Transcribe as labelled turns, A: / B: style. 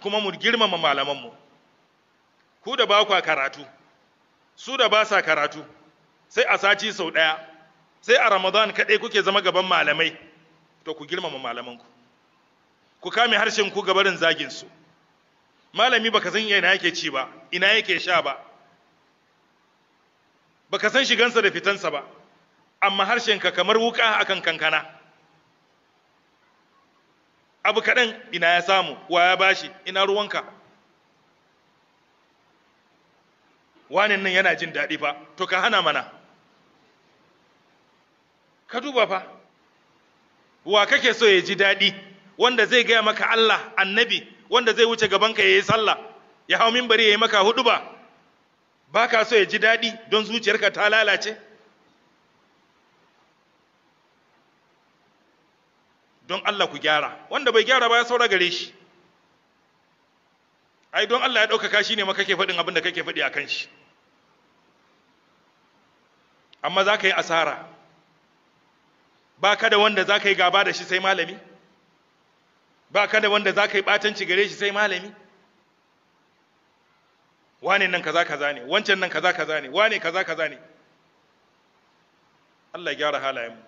A: kuma mu girmama malamanmu ku da ba kwa karatu su da ba sa karatu sai a sati sau ɗaya sai a ramadan kaɗai kuke zama gaban malamai to ku girmama malamanku ku kame harshen ku gabarin zagin su malami baka san ina yake ci ba ina yake sha ba baka san shigansa da fitansa ba amma harshenka kamar wuka akan kankana abu kaɗan ina ya samu wa ya bashi ina ruwanka wanin nan yana jin daɗi fa to ka hana mana ka duba fa wa kake so ya ji daɗi wanda zai gaya maka Allah annabi wanda zai wuce gabanka ya yi sallah ya hau mimbari ya yi maka huɗu ba ba so ya ji daɗi don zuciyarka ta lalace don Allah ku gyara wanda bai gyara ba ya saura gare shi ai don Allah ya ɗaukaka shi ne ma kake faɗin abin da kake faɗi a kan shi amma za ka yi asara ba ka da wanda za ka yi gaba da shi sai malami ba ka da wanda za ka yi ɓatanci gare shi sai malami wane nan kaza kaza ne wancan nan kaza kaza ne wane kaza kaza ne Allah ya gyara halayenmu